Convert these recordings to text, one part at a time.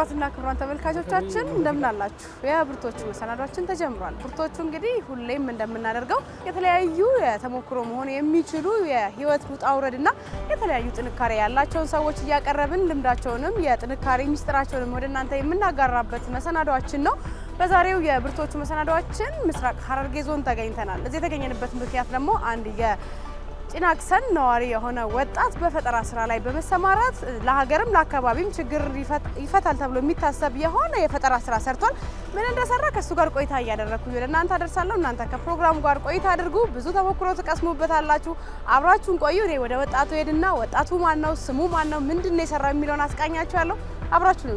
ክብሯትና ክብሯን ተመልካቾቻችን እንደምን አላችሁ? የብርቶቹ መሰናዷችን ተጀምሯል። ብርቶቹ እንግዲህ ሁሌም እንደምናደርገው የተለያዩ የተሞክሮ መሆን የሚችሉ የህይወት ውጣ ውረድና የተለያዩ ጥንካሬ ያላቸውን ሰዎች እያቀረብን ልምዳቸውንም የጥንካሬ ሚስጥራቸውንም ወደ እናንተ የምናጋራበት መሰናዷችን ነው። በዛሬው የብርቶቹ መሰናዷችን ምስራቅ ሀረርጌ ዞን ተገኝተናል። እዚህ የተገኘንበት ምክንያት ደግሞ አንድ ጭናክሰን ነዋሪ የሆነ ወጣት በፈጠራ ስራ ላይ በመሰማራት ለሀገርም ለአካባቢም ችግር ይፈታል ተብሎ የሚታሰብ የሆነ የፈጠራ ስራ ሰርቷል። ምን እንደሰራ ከእሱ ጋር ቆይታ እያደረግኩ ወደ እናንተ አደርሳለሁ። እናንተ ከፕሮግራሙ ጋር ቆይታ አድርጉ፣ ብዙ ተሞክሮ ትቀስሙበታላችሁ። አብራችሁን ቆዩ። እኔ ወደ ወጣቱ ሄድና ወጣቱ ማን ነው፣ ስሙ ማን ነው፣ ምንድን ነው የሰራው የሚለውን አስቃኛችኋለሁ። አብራችሁ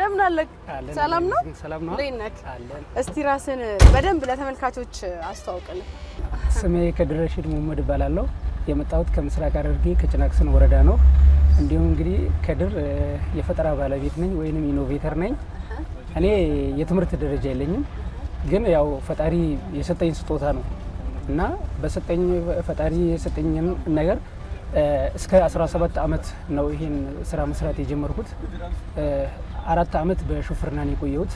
እንደምን አለህ? ሰላም ነው። ሰላም ነው። እንዴት ነህ? እስቲ ራስን በደንብ ለተመልካቾች አስተዋውቅልን። ስሜ ከድር ረሺድ መሐመድ እባላለሁ። የመጣሁት ከምስራቅ ሐረርጌ ከጭናክሰን ወረዳ ነው። እንዲሁም እንግዲህ ከድር የፈጠራ ባለቤት ነኝ ወይንም ኢኖቬተር ነኝ። እኔ የትምህርት ደረጃ የለኝም፣ ግን ያው ፈጣሪ የሰጠኝ ስጦታ ነው እና በሰጠኝ ፈጣሪ የሰጠኝን ነገር እስከ 17 ዓመት ነው ይህን ስራ መስራት የጀመርኩት። አራት ዓመት በሹፍርና ነው የቆየሁት።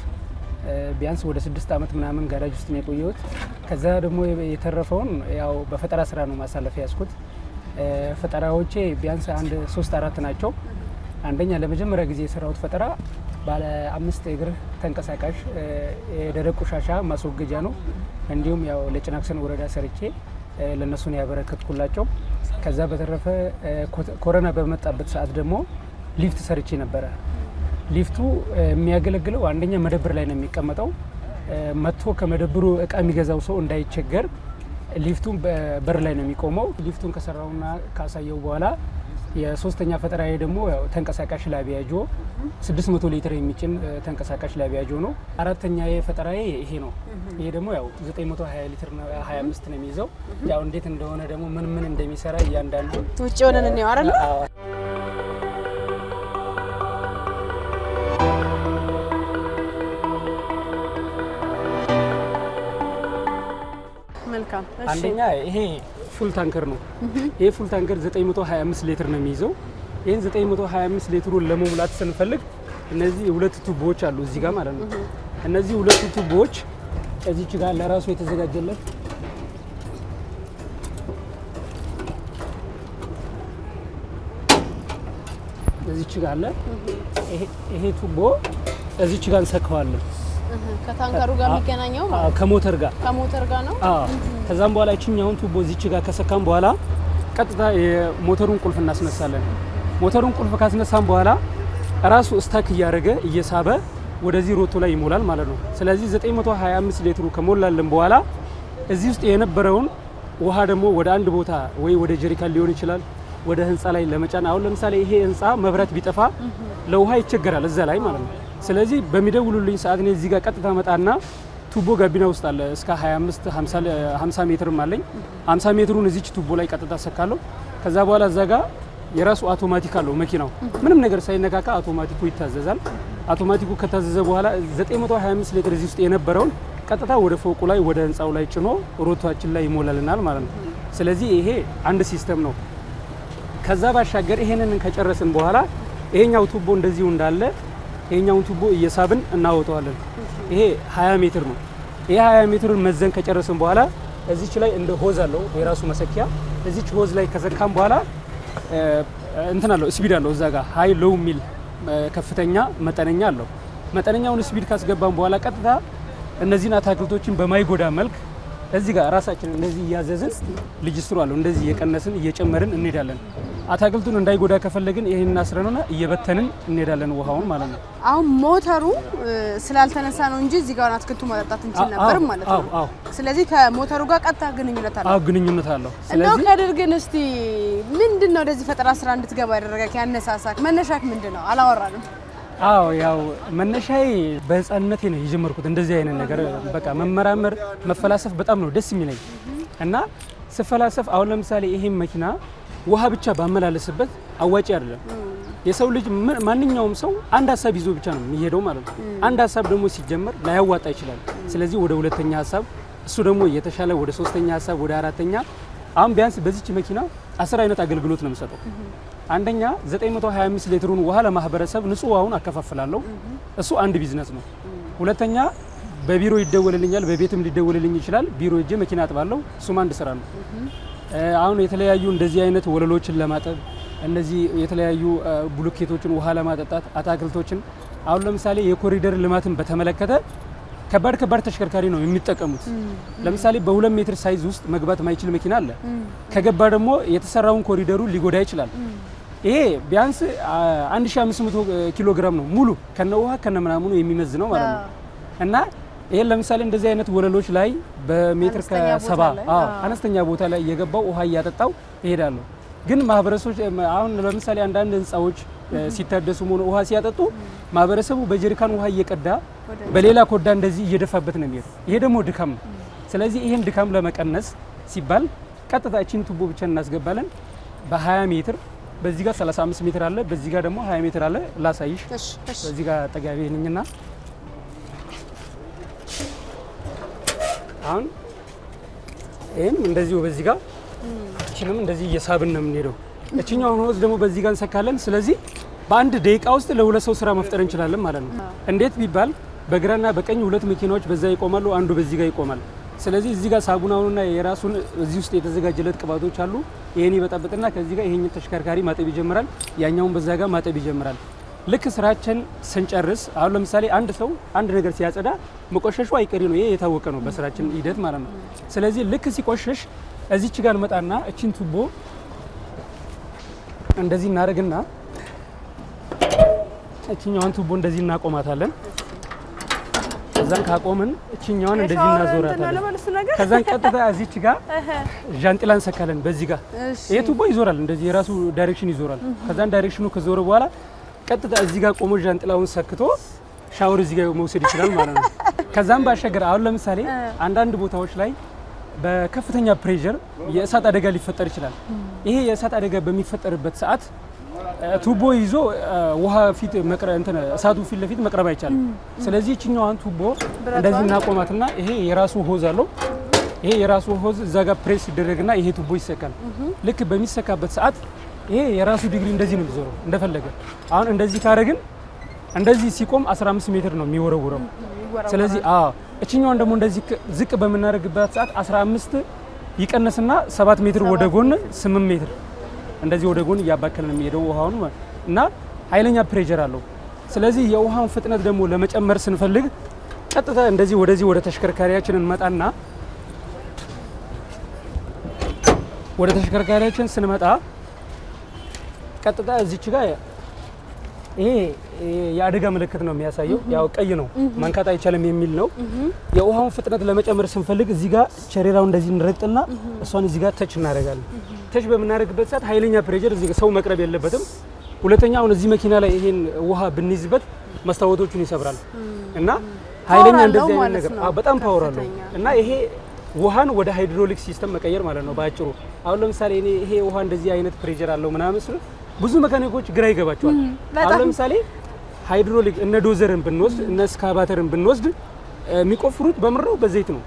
ቢያንስ ወደ ስድስት ዓመት ምናምን ጋራጅ ውስጥ ነው የቆየሁት። ከዛ ደግሞ የተረፈውን ያው በፈጠራ ስራ ነው ማሳለፍ ያዝኩት። ፈጠራዎቼ ቢያንስ አንድ ሶስት አራት ናቸው። አንደኛ ለመጀመሪያ ጊዜ የሰራሁት ፈጠራ ባለ አምስት እግር ተንቀሳቃሽ የደረቅ ቆሻሻ ማስወገጃ ነው። እንዲሁም ያው ለጭናክሰን ወረዳ ሰርቼ ለእነሱን ያበረከትኩላቸው ከዛ በተረፈ ኮረና በመጣበት ሰዓት ደግሞ ሊፍት ሰርቼ ነበረ። ሊፍቱ የሚያገለግለው አንደኛ መደብር ላይ ነው የሚቀመጠው። መጥቶ ከመደብሩ እቃ የሚገዛው ሰው እንዳይቸገር ሊፍቱ በር ላይ ነው የሚቆመው። ሊፍቱን ከሰራውና ካሳየው በኋላ የሶስተኛ ፈጠራዬ ደግሞ ተንቀሳቃሽ ላቢያጆ 600 ሊትር የሚጭን ተንቀሳቃሽ ላቢያጆ ነው። አራተኛ ፈጠራዬ ይሄ ነው። ይሄ ደግሞ ያው 920 ሊትር 25 ነው የሚይዘው። ያው እንዴት እንደሆነ ደግሞ ምን ምን እንደሚሰራ እያንዳንዱ ውጭ ሆነን አዎ መልካም። አንደኛ ይሄ ፉል ታንከር ነው። ይሄ ፉል ታንከር 925 ሊትር ነው የሚይዘው። ይህን 925 ሊትሩን ለመሙላት ስንፈልግ እነዚህ ሁለት ቱቦዎች አሉ እዚህ ጋር ማለት ነው። እነዚህ ሁለቱ ቱቦዎች እዚች ጋር ለራሱ የተዘጋጀለት እዚች ጋር አለ። ይሄ ቱቦ እዚች ጋር እንሰካዋለን። ከታንከሩ ጋር የሚገናኘው ከሞተር ጋር ከሞተር ጋር ነው። ከዛም በኋላ ይችኛውን ቱቦ እዚች ጋር ከሰካም በኋላ ቀጥታ የሞተሩን ቁልፍ እናስነሳለን። ሞተሩን ቁልፍ ካስነሳም በኋላ ራሱ ስታክ እያደረገ እየሳበ ወደዚህ ሮቶ ላይ ይሞላል ማለት ነው። ስለዚህ 925 ሊትሩ ከሞላልን በኋላ እዚህ ውስጥ የነበረውን ውሃ ደግሞ ወደ አንድ ቦታ ወይ ወደ ጀሪካን ሊሆን ይችላል ወደ ህንፃ ላይ ለመጫን አሁን ለምሳሌ ይሄ ህንፃ መብራት ቢጠፋ ለውሃ ይቸገራል እዛ ላይ ማለት ነው። ስለዚህ በሚደውሉልኝ ሰዓት እኔ እዚህ ጋር ቀጥታ መጣና ቱቦ ጋቢና ውስጥ አለ እስከ 25 50 ሜትርም አለኝ። 50 ሜትሩን እዚች ቱቦ ላይ ቀጥታ ሰካለሁ። ከዛ በኋላ እዛ ጋር የራሱ አውቶማቲክ አለው መኪናው ምንም ነገር ሳይነካካ አውቶማቲኩ ይታዘዛል። አውቶማቲኩ ከታዘዘ በኋላ 925 ሊትር እዚህ ውስጥ የነበረውን ቀጥታ ወደ ፎቁ ላይ ወደ ህንፃው ላይ ጭኖ ሮቷችን ላይ ይሞላልናል ማለት ነው። ስለዚህ ይሄ አንድ ሲስተም ነው። ከዛ ባሻገር ይሄንን ከጨረስን በኋላ ይሄኛው ቱቦ እንደዚሁ እንዳለ ይሄኛውን ቱቦ እየሳብን እናወጣዋለን። ይሄ 20 ሜትር ነው። ይሄ 20 ሜትሩን መዘን ከጨረስን በኋላ እዚች ላይ እንደ ሆዝ አለው የራሱ መሰኪያ። እዚች ሆዝ ላይ ከዘካም በኋላ እንትን አለው ስፒድ አለው እዛ ጋር ሃይ ሎው ሚል ከፍተኛ መጠነኛ አለው። መጠነኛውን ስፒድ ካስገባን በኋላ ቀጥታ እነዚህን አታክልቶችን በማይጎዳ መልክ እዚህ ጋር ራሳችን እንደዚህ እያዘዝን ሬጅስትሩ አለው እንደዚህ እየቀነስን እየጨመርን እንሄዳለን። አታክልቱን እንዳይጎዳ ከፈለግን ይሄን እናስረነውና እየበተንን እንሄዳለን፣ ውሃውን ማለት ነው። አሁን ሞተሩ ስላልተነሳ ነው እንጂ እዚህ ጋር አትክልቱ መጠጣት እንችል ነበር ማለት ነው። ስለዚህ ከሞተሩ ጋር ቀጥታ ግንኙነት አለ። አዎ ግንኙነት አለው። እንደው ከድር ግን እስቲ ምንድን ነው ወደዚህ ፈጠራ ስራ እንድትገባ ያደረገ ያነሳሳክ መነሻክ ምንድን ነው? አላወራንም አዎ ያው መነሻዬ በህፃንነቴ ነው የጀመርኩት። እንደዚህ አይነት ነገር በቃ መመራመር መፈላሰፍ በጣም ነው ደስ የሚለኝ እና ስፈላሰፍ አሁን ለምሳሌ ይሄን መኪና ውሃ ብቻ ባመላለስበት አዋጭ አይደለም። የሰው ልጅ ማንኛውም ሰው አንድ ሀሳብ ይዞ ብቻ ነው የሚሄደው ማለት ነው። አንድ ሀሳብ ደግሞ ሲጀመር ላያዋጣ ይችላል። ስለዚህ ወደ ሁለተኛ ሀሳብ እሱ ደግሞ የተሻለ ወደ ሶስተኛ ሀሳብ ወደ አራተኛ አሁን ቢያንስ በዚች መኪና አስር አይነት አገልግሎት ነው የምሰጠው አንደኛ 925 ሊትሩን ውሃ ለማህበረሰብ ንጹህ ውሃውን አከፋፍላለሁ። እሱ አንድ ቢዝነስ ነው። ሁለተኛ በቢሮ ይደወልልኛል፣ በቤትም ሊደወልልኝ ይችላል። ቢሮ እጄ መኪና አጥባለሁ። እሱም አንድ ስራ ነው። አሁን የተለያዩ እንደዚህ አይነት ወለሎችን ለማጠብ እነዚህ የተለያዩ ብሎኬቶችን ውሃ ለማጠጣት አታክልቶችን አሁን ለምሳሌ የኮሪደር ልማትን በተመለከተ ከባድ ከባድ ተሽከርካሪ ነው የሚጠቀሙት። ለምሳሌ በሁለት ሜትር ሳይዝ ውስጥ መግባት ማይችል መኪና አለ። ከገባ ደግሞ የተሰራውን ኮሪደሩ ሊጎዳ ይችላል። ይሄ ቢያንስ 1500 ኪሎ ግራም ነው ሙሉ ከነ ውሃ ከነ ምናምኑ የሚመዝ ነው ማለት ነው። እና ይሄን ለምሳሌ እንደዚህ አይነት ወለሎች ላይ በሜትር ከሰባ አነስተኛ ቦታ ላይ እየገባው ውሃ እያጠጣው ይሄዳለሁ። ግን ማህበረሰቦች አሁን ለምሳሌ አንዳንድ ህንፃዎች ሲታደሱ ሆነ ውሃ ሲያጠጡ ማህበረሰቡ በጀሪካን ውሃ እየቀዳ በሌላ ኮዳ እንደዚህ እየደፋበት ነው የሚሄዱ። ይሄ ደግሞ ድካም ነው። ስለዚህ ይሄን ድካም ለመቀነስ ሲባል ቀጥታ እቺን ቱቦ ብቻ እናስገባለን በ20 ሜትር በዚህ ጋር 35 ሜትር አለ፣ በዚህ ጋር ደግሞ 20 ሜትር አለ። ላሳይሽ። በዚህ ጋር ጠጋቢ ነኝና አሁን ይህም እንደዚሁ በዚህ ጋር እቺንም እንደዚህ እየሳብን ነው የምንሄደው። እችኛውን ሆዝ ደግሞ በዚህ ጋር እንሰካለን። ስለዚህ በአንድ ደቂቃ ውስጥ ለሁለት ሰው ስራ መፍጠር እንችላለን ማለት ነው። እንዴት ቢባል በግራና በቀኝ ሁለት መኪናዎች በዛ ይቆማሉ፣ አንዱ በዚህ ጋር ይቆማል። ስለዚህ እዚህ ጋር ሳቡናውንና የራሱን እዚህ ውስጥ የተዘጋጀለት ቅባቶች አሉ። ይሄን ይበጣበጥና ከዚህ ጋር ይሄን ተሽከርካሪ ማጠብ ይጀምራል። ያኛውን በዛ ጋር ማጠብ ይጀምራል። ልክ ስራችን ስንጨርስ አሁን ለምሳሌ አንድ ሰው አንድ ነገር ሲያጸዳ መቆሸሹ አይቀሪ ነው። ይሄ የታወቀ ነው በስራችን ሂደት ማለት ነው። ስለዚህ ልክ ሲቆሸሽ እዚች ጋር መጣና እቺን ቱቦ እንደዚህ እናደርግና እችኛዋን ቱቦ እንደዚህ እናቆማታለን። ከዛን ካቆምን እችኛዋን እንደዚህ እናዞራታለን። ከዛን ቀጥታ እዚች ጋር ዣንጥላ እንሰካለን። በዚህ ጋር ይሄ ቱቦ ይዞራል፣ እንደዚህ የራሱ ዳይሬክሽን ይዞራል። ከዛን ዳይሬክሽኑ ከዞረ በኋላ ቀጥታ እዚህ ጋር ቆሞ ዣንጥላውን ሰክቶ ሻወር እዚህ ጋር መውሰድ ይችላል ማለት ነው። ከዛም ባሻገር አሁን ለምሳሌ አንዳንድ ቦታዎች ላይ በከፍተኛ ፕሬዠር የእሳት አደጋ ሊፈጠር ይችላል። ይሄ የእሳት አደጋ በሚፈጠርበት ሰዓት ቱቦ ይዞ ውሃ ፊት መቅረ እንትን እሳቱ ፊት ለፊት መቅረብ አይቻልም። ስለዚህ እችኛዋን ቱቦ እንደዚህ እናቆማትና ይሄ የራሱ ሆዝ አለው። ይሄ የራሱ ሆዝ እዛ ጋር ፕሬስ ይደረግና ይሄ ቱቦ ይሰካል። ልክ በሚሰካበት ሰዓት ይሄ የራሱ ዲግሪ እንደዚህ ነው የሚዞረው እንደፈለገ። አሁን እንደዚህ ካረግን እንደዚህ ሲቆም 15 ሜትር ነው የሚወረውረው። ስለዚህ አዎ እችኛዋን ደግሞ እንደዚህ ዝቅ በምናደርግበት ሰዓት 15 ይቀነስና 7 ሜትር ወደ ጎን 8 ሜትር እንደዚህ ወደ ጎን እያባከለ የሚሄደው ውሃውን እና ኃይለኛ ፕሬጀር አለው። ስለዚህ የውሃውን ፍጥነት ደግሞ ለመጨመር ስንፈልግ ቀጥታ እንደዚህ ወደዚህ ወደ ተሽከርካሪያችን እንመጣና ወደ ተሽከርካሪያችን ስንመጣ ቀጥታ እዚች ጋር ይሄ የአደጋ ምልክት ነው የሚያሳየው። ያው ቀይ ነው መንካት አይቻልም የሚል ነው። የውሃውን ፍጥነት ለመጨመር ስንፈልግ እዚህ ጋር ቸሬራው እንደዚህ እንረግጥና እሷን እዚህ ጋር ተች እናደርጋለን። ተች በምናደርግበት ሰዓት ኃይለኛ ፕሬጀር እዚህ ሰው መቅረብ የለበትም። ሁለተኛ አሁን እዚህ መኪና ላይ ይሄን ውሃ ብንይዝበት መስታወቶቹን ይሰብራል እና ኃይለኛ እንደዚህ አይነት ነገር በጣም ፓወር አለው እና ይሄ ውሃን ወደ ሃይድሮሊክ ሲስተም መቀየር ማለት ነው በአጭሩ። አሁን ለምሳሌ እኔ ይሄ ውሃ እንደዚህ አይነት ፕሬጀር አለው ምናምን ስሉ ብዙ መካኒኮች ግራ ይገባቸዋል። አሁን ለምሳሌ ሃይድሮሊክ እነ ዶዘርን ብንወስድ እነ ስካባተርን ብንወስድ የሚቆፍሩት በምድረው በዘይት ነው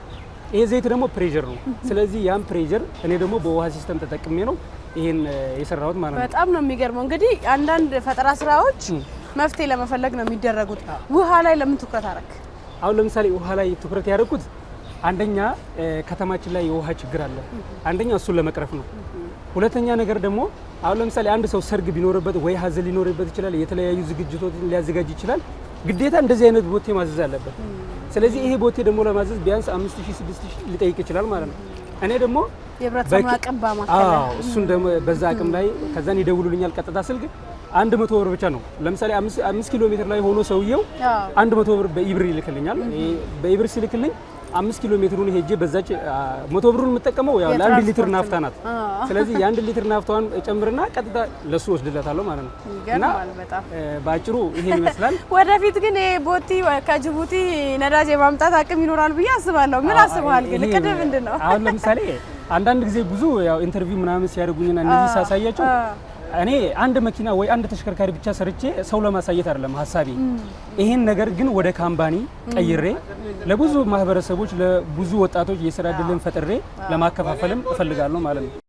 ይሄ ዘይት ደግሞ ፕሬዠር ነው። ስለዚህ ያም ፕሬዠር እኔ ደግሞ በውሃ ሲስተም ተጠቅሜ ነው ይህን የሰራሁት ማለት ነው። በጣም ነው የሚገርመው። እንግዲህ አንዳንድ ፈጠራ ስራዎች መፍትሄ ለመፈለግ ነው የሚደረጉት። ውሃ ላይ ለምን ትኩረት አደረክ? አሁን ለምሳሌ ውሃ ላይ ትኩረት ያደረኩት አንደኛ ከተማችን ላይ የውሃ ችግር አለ። አንደኛ እሱን ለመቅረፍ ነው። ሁለተኛ ነገር ደግሞ አሁን ለምሳሌ አንድ ሰው ሰርግ ቢኖርበት ወይ ሀዘን ሊኖርበት ይችላል። የተለያዩ ዝግጅቶችን ሊያዘጋጅ ይችላል። ግዴታ እንደዚህ አይነት ቦቴ ማዘዝ አለበት። ስለዚህ ይሄ ቦቴ ደግሞ ለማዘዝ ቢያንስ 5000 6000 ሊጠይቅ ይችላል ማለት ነው። እኔ ደግሞ የህብረተሰቡን አቅም በማከለ እሱን ደግሞ በዛ አቅም ላይ ከዛን ይደውሉልኛል ቀጥታ ስልክ አንድ መቶ ብር ብቻ ነው። ለምሳሌ አምስት ኪሎ ሜትር ላይ ሆኖ ሰውየው አንድ መቶ ብር በኢብር ይልክልኛል። በኢብር ሲልክልኝ አምስት ኪሎ ሜትሩን ሄጄ በዛች መቶ ብሩን የምጠቀመው ያው ለአንድ ሊትር ናፍታ ናት። ስለዚህ የአንድ ሊትር ናፍታዋን ጨምርና ቀጥታ ለሱ ወስድለታለሁ ማለት ነው። እና በአጭሩ ይሄን ይመስላል። ወደፊት ግን ቦቲ ከጅቡቲ ነዳጅ የማምጣት አቅም ይኖራል ብዬ አስባለሁ። ምን አስበሃል ግን ቅድ ምንድን ነው? አሁን ለምሳሌ አንዳንድ ጊዜ ብዙ ያው ኢንተርቪው ምናምን ሲያደርጉኝና እነዚህ ሳሳያቸው እኔ አንድ መኪና ወይ አንድ ተሽከርካሪ ብቻ ሰርቼ ሰው ለማሳየት አይደለም ሀሳቤ። ይሄን ነገር ግን ወደ ካምፓኒ ቀይሬ ለብዙ ማህበረሰቦች፣ ለብዙ ወጣቶች የስራ እድልን ፈጥሬ ለማከፋፈልም እፈልጋለሁ ማለት ነው።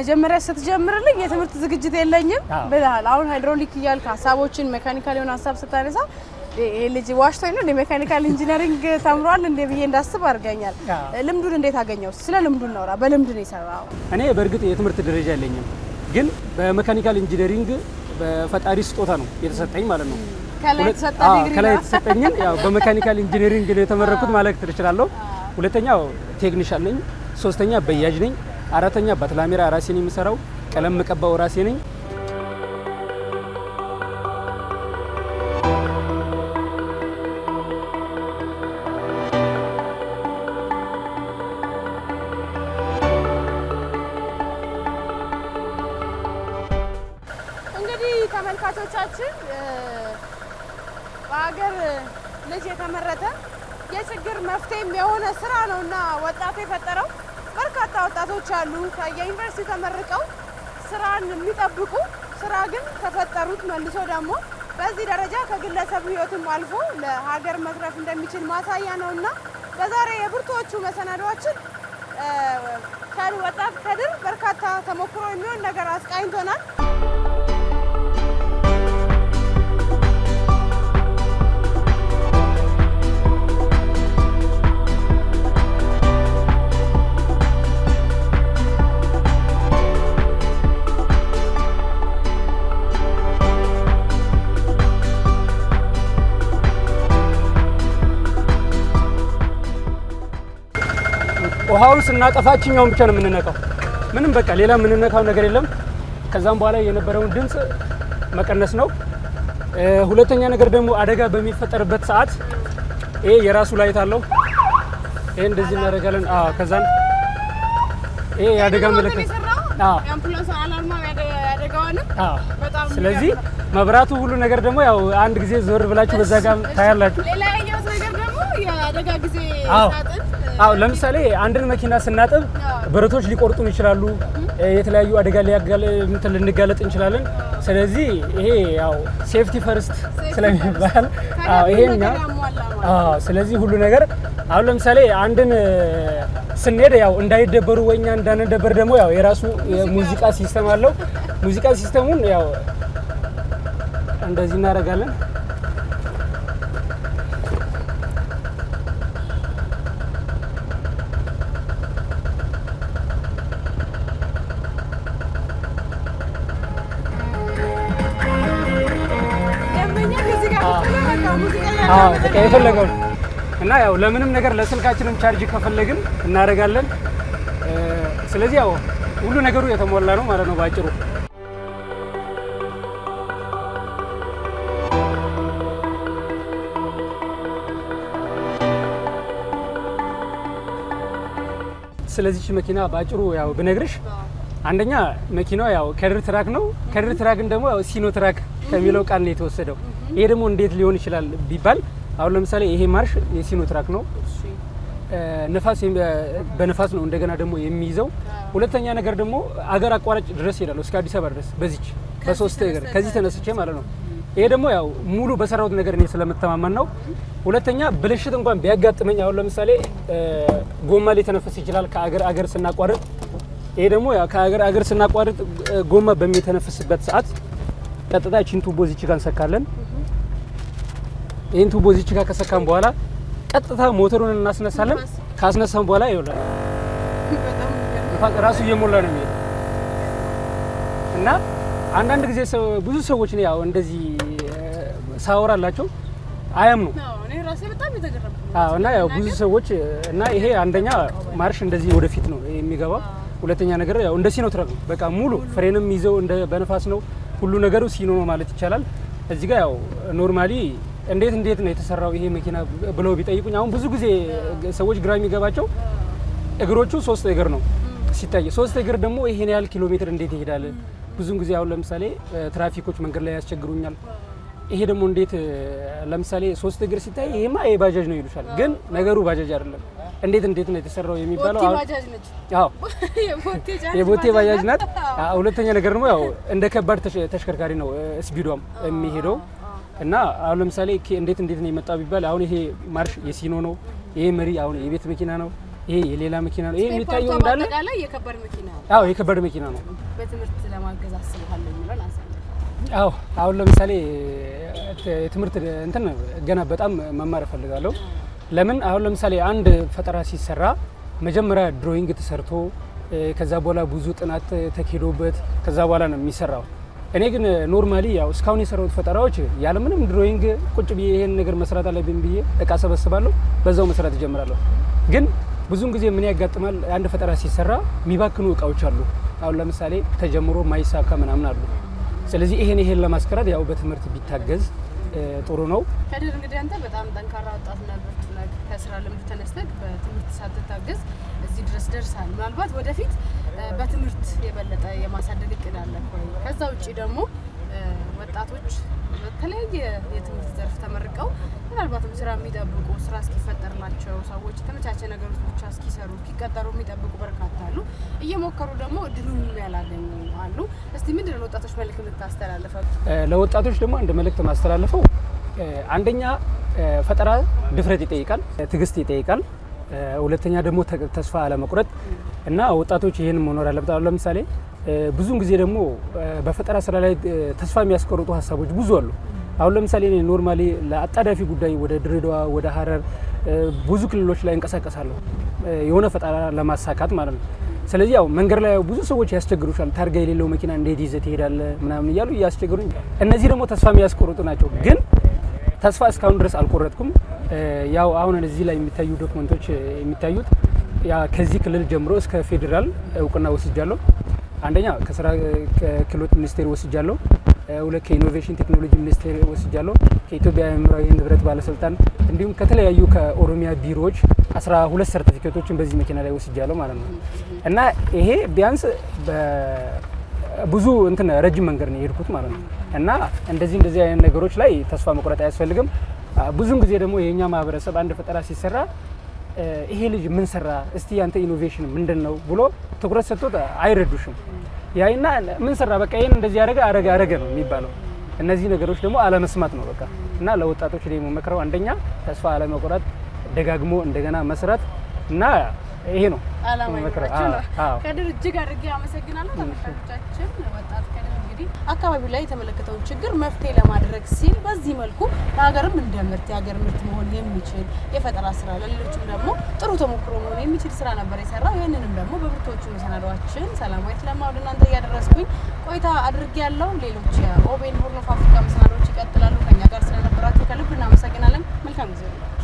መጀመሪያ ስትጀምርልኝ የትምህርት ዝግጅት የለኝም ብለሃል። አሁን ሃይድሮሊክ እያልክ ሀሳቦችን ሜካኒካል የሆነ ሀሳብ ስታነሳ ይሄ ልጅ ዋሽቶ ነው ሜካኒካል ኢንጂነሪንግ ተምሯል እንደ ብዬ እንዳስብ አድርገኛል። ልምዱን እንዴት አገኘው? ስለ ልምዱን ነውራ በልምድ ነው የሰራው። እኔ በእርግጥ የትምህርት ደረጃ የለኝም፣ ግን በሜካኒካል ኢንጂነሪንግ በፈጣሪ ስጦታ ነው የተሰጠኝ ማለት ነው። ከላይ የተሰጠኝን በሜካኒካል ኢንጂነሪንግ ነው የተመረኩት ማለት ትችላለሁ። ሁለተኛው ቴክኒሻን ነኝ። ሶስተኛ በያጅ ነኝ። አራተኛ በትላሜራ ራሴን የሚሰራው የምሰራው። ቀለም መቀባው ራሴ ነኝ። እንግዲህ ተመልካቾቻችን በሀገር ልጅ የተመረተ የችግር መፍትሄም የሆነ ስራ ነው እና ወጣቱ የፈጠረው ወጣቶች አሉ ከየዩኒቨርሲቲ ተመርቀው ስራን የሚጠብቁ ስራ ግን ከፈጠሩት መልሶ ደግሞ በዚህ ደረጃ ከግለሰብ ህይወትም አልፎ ለሀገር መትረፍ እንደሚችል ማሳያ ነው እና በዛሬ የብርቶቹ መሰናዶችን ወጣት ከድር በርካታ ተሞክሮ የሚሆን ነገር አስቃኝቶናል። ውሃውን ስናጠፋችኛውን ብቻ ነው የምንነካው። ምንም በቃ ሌላ የምንነካው ነገር የለም። ከዛም በኋላ የነበረውን ድምፅ መቀነስ ነው። ሁለተኛ ነገር ደግሞ አደጋ በሚፈጠርበት ሰዓት ይሄ የራሱ ላይት አለው። ይሄ እንደዚህ እናደርጋለን። አዎ፣ ከዛን ይሄ የአደጋ ምልክት። ስለዚህ መብራቱ ሁሉ ነገር ደግሞ ያው አንድ ጊዜ ዞር ብላችሁ በዛ ጋር ታያላችሁ። ሌላ ያየሁት ነገር ደግሞ የአደጋ ጊዜ አዎ ለምሳሌ አንድን መኪና ስናጥብ ብረቶች ሊቆርጡን ይችላሉ። የተለያዩ አደጋ ልንጋለጥ እንችላለን። ስለዚህ ይሄ ያው ሴፍቲ ፈርስት ስለሚባል ይሄኛ ስለዚህ ሁሉ ነገር አሁን ለምሳሌ አንድን ስንሄድ ያው እንዳይደበሩ ወይ እኛ እንዳንደበር ደግሞ ያው የራሱ ሙዚቃ ሲስተም አለው። ሙዚቃ ሲስተሙን ያው እንደዚህ እናደርጋለን። በቃ የፈለገው እና ያው ለምንም ነገር ለስልካችንም ቻርጅ ከፈለግን እናደርጋለን። ስለዚህ ያው ሁሉ ነገሩ የተሞላ ነው ማለት ነው ባጭሩ። ስለዚች መኪና ባጭሩ ያው ብነግርሽ አንደኛ መኪናው ያው ከድር ትራክ ነው። ከድር ትራክን ደግሞ ያው ሲኖ ትራክ ከሚለው ቃል ነው የተወሰደው። ይሄ ደግሞ እንዴት ሊሆን ይችላል ቢባል አሁን ለምሳሌ ይሄ ማርሽ የሲኖ ትራክ ነው። ነፋስ በነፋስ ነው እንደገና ደግሞ የሚይዘው። ሁለተኛ ነገር ደግሞ አገር አቋራጭ ድረስ ሄዳለሁ እስከ አዲስ አበባ ድረስ በዚች በሶስት ነገር ከዚህ ተነስቼ ማለት ነው። ይሄ ደግሞ ያው ሙሉ በሰራሁት ነገር እኔ ስለምተማመን ነው። ሁለተኛ ብልሽት እንኳን ቢያጋጥመኝ አሁን ለምሳሌ ጎማ ሊተነፈስ ይችላል ከአገር አገር ስናቋርጥ። ይሄ ደግሞ ያው ከአገር አገር ስናቋርጥ ጎማ በሚተነፍስበት ሰዓት ቀጥታ ቺን ቱቦ እዚች ጋር እንሰካለን። ይህን ቱቦ እዚች ጋር ከሰካን በኋላ ቀጥታ ሞተሩን እናስነሳለን። ካስነሳን በኋላ ይወላል ራሱ እየሞላ ነው የሚሄደው እና አንዳንድ ጊዜ ብዙ ሰዎች ነው ያው እንደዚህ ሳወራላቸው አያምኑ እና ያው ብዙ ሰዎች እና ይሄ አንደኛ ማርሽ እንደዚህ ወደፊት ነው የሚገባው። ሁለተኛ ነገር ያው እንደ ሲኖ ትራክ ነው በቃ ሙሉ ፍሬንም ይዘው እንደ በነፋስ ነው ሁሉ ነገሩ ሲኖ ነው ማለት ይቻላል። እዚህ ጋር ያው ኖርማሊ እንዴት እንዴት ነው የተሰራው ይሄ መኪና ብለው ቢጠይቁኝ፣ አሁን ብዙ ጊዜ ሰዎች ግራ የሚገባቸው እግሮቹ ሶስት እግር ነው ሲታይ፣ ሶስት እግር ደግሞ ይሄን ያህል ኪሎ ሜትር እንዴት ይሄዳል? ብዙን ጊዜ አሁን ለምሳሌ ትራፊኮች መንገድ ላይ ያስቸግሩኛል። ይሄ ደግሞ እንዴት ለምሳሌ ሶስት እግር ሲታይ ይሄማ ይሄ ባጃጅ ነው ይሉሻል። ግን ነገሩ ባጃጅ አይደለም። እንዴት እንዴት ነው የተሰራው የሚባለው አዎ የቦቴ ባጃጅ ናት። ሁለተኛ ነገር ደግሞ ያው እንደ ከባድ ተሽከርካሪ ነው ስፒዷም የሚሄደው እና አሁን ለምሳሌ እንዴት እንዴት ነው የመጣው ቢባል አሁን ይሄ ማርሽ የሲኖ ነው፣ ይሄ መሪ አሁን የቤት መኪና ነው፣ ይሄ የሌላ መኪና ነው። ይሄ የሚታየው እንዳለ የከባድ መኪና አዎ፣ የከባድ መኪና ነው። በትምህርት ለማገዝ አስበዋለሁ የሚለውን አዎ፣ አሁን ለምሳሌ ትምህርት እንትን ገና በጣም መማር እፈልጋለሁ። ለምን አሁን ለምሳሌ አንድ ፈጠራ ሲሰራ መጀመሪያ ድሮይንግ ተሰርቶ ከዛ በኋላ ብዙ ጥናት ተካሂዶበት ከዛ በኋላ ነው የሚሰራው። እኔ ግን ኖርማሊ ያው እስካሁን የሰራሁት ፈጠራዎች ያለምንም ድሮይንግ ቁጭ ብዬ ይሄን ነገር መስራት አለብኝ ብዬ እቃ ሰበስባለሁ፣ በዛው መስራት እጀምራለሁ። ግን ብዙውን ጊዜ ምን ያጋጥማል፣ አንድ ፈጠራ ሲሰራ የሚባክኑ እቃዎች አሉ። አሁን ለምሳሌ ተጀምሮ ማይሳካ ምናምን አሉ። ስለዚህ ይሄን ይሄን ለማስከራት ያው በትምህርት ቢታገዝ ጥሩ ነው። ከድር እንግዲህ አንተ በጣም ጠንካራ ወጣት ነበርክ። ከስራ ልምድ ተነስተህ በትምህርት ሳትታገዝ እዚህ ድረስ ደርሳል። ምናልባት ወደፊት በትምህርት የበለጠ የማሳደግ እቅድ አለ ወይ? ከዛ ውጭ ደግሞ ወጣቶች በተለያየ የትምህርት ዘርፍ ተመርቀው ምናልባትም ስራ የሚጠብቁ ስራ እስኪፈጠርላቸው ሰዎች የተመቻቸ ነገሮች ብቻ እስኪሰሩ እስኪቀጠሩ የሚጠብቁ በርካታ አሉ። እየሞከሩ ደግሞ እድሉን ያላገኙ አሉ። እስቲ ምንድን ነው ወጣቶች መልዕክት የምታስተላልፈው? ለወጣቶች ደግሞ አንድ መልዕክት ማስተላልፈው አንደኛ ፈጠራ ድፍረት ይጠይቃል፣ ትዕግስት ይጠይቃል። ሁለተኛ ደግሞ ተስፋ አለመቁረጥ እና ወጣቶች ይህን መኖር አለበት። ለምሳሌ ብዙን ጊዜ ደግሞ በፈጠራ ስራ ላይ ተስፋ የሚያስቆርጡ ሀሳቦች ብዙ አሉ። አሁን ለምሳሌ እኔ ኖርማሊ ለአጣዳፊ ጉዳይ ወደ ድሬዳዋ፣ ወደ ሀረር ብዙ ክልሎች ላይ እንቀሳቀሳለሁ የሆነ ፈጠራ ለማሳካት ማለት ነው። ስለዚህ ያው መንገድ ላይ ብዙ ሰዎች ያስቸግሩሻል። ታርጋ የሌለው መኪና እንዴት ይዘህ ትሄዳለህ ምናምን እያሉ እያስቸግሩኝ፣ እነዚህ ደግሞ ተስፋ የሚያስቆርጡ ናቸው። ግን ተስፋ እስካሁን ድረስ አልቆረጥኩም። ያው አሁን እዚህ ላይ የሚታዩ ዶክመንቶች የሚታዩት ከዚህ ክልል ጀምሮ እስከ ፌዴራል እውቅና ወስጃለሁ። አንደኛ ከስራ ክህሎት ሚኒስቴር ወስጃለሁ። ሁለት ከኢኖቬሽን ቴክኖሎጂ ሚኒስቴር ወስጃለሁ። ከኢትዮጵያ አእምሯዊ ንብረት ባለስልጣን እንዲሁም ከተለያዩ ከኦሮሚያ ቢሮዎች አስራ ሁለት ሰርቲፊኬቶችን በዚህ መኪና ላይ ወስጃለሁ ማለት ነው እና ይሄ ቢያንስ ብዙ እንትን ረጅም መንገድ ነው የሄድኩት ማለት ነው እና እንደዚህ እንደዚህ አይነት ነገሮች ላይ ተስፋ መቁረጥ አያስፈልግም። ብዙን ጊዜ ደግሞ የእኛ ማህበረሰብ አንድ ፈጠራ ሲሰራ ይሄ ልጅ ምን ሰራ እስቲ ያንተ ኢኖቬሽን ምንድን ነው ብሎ ትኩረት ሰጥቶት አይረዱሽም። ያይና ምን ሰራ በቃ ይሄን እንደዚህ ያደረገ አረገ አረገ ነው የሚባለው። እነዚህ ነገሮች ደግሞ አለመስማት ነው በቃ። እና ለወጣቶች ደግሞ መክረው አንደኛ ተስፋ አለመቁረጥ፣ ደጋግሞ እንደገና መስራት እና ይሄ ነው አላማ። ከድር እጅግ አድርጌ አመሰግናለሁ። ተመልካቾቻችን ወጣት ከድር አካባቢው ላይ የተመለከተውን ችግር መፍትሄ ለማድረግ ሲል በዚህ መልኩ ለሀገርም እንደ ምርት የሀገር ምርት መሆን የሚችል የፈጠራ ስራ ለሌሎችም ደግሞ ጥሩ ተሞክሮ መሆን የሚችል ስራ ነበር የሰራው። ይህንንም ደግሞ በብርቶቹ መሰናዷችን ሰላማዊት ለማ ወደ እናንተ እያደረስኩኝ ቆይታ አድርጌ ያለው። ሌሎች የኦቤን ሆርን ኦፍ አፍሪካ መሰናዶዎች ይቀጥላሉ። ከኛ ጋር ስለነበራችሁ ከልብ እናመሰግናለን። መልካም ጊዜ።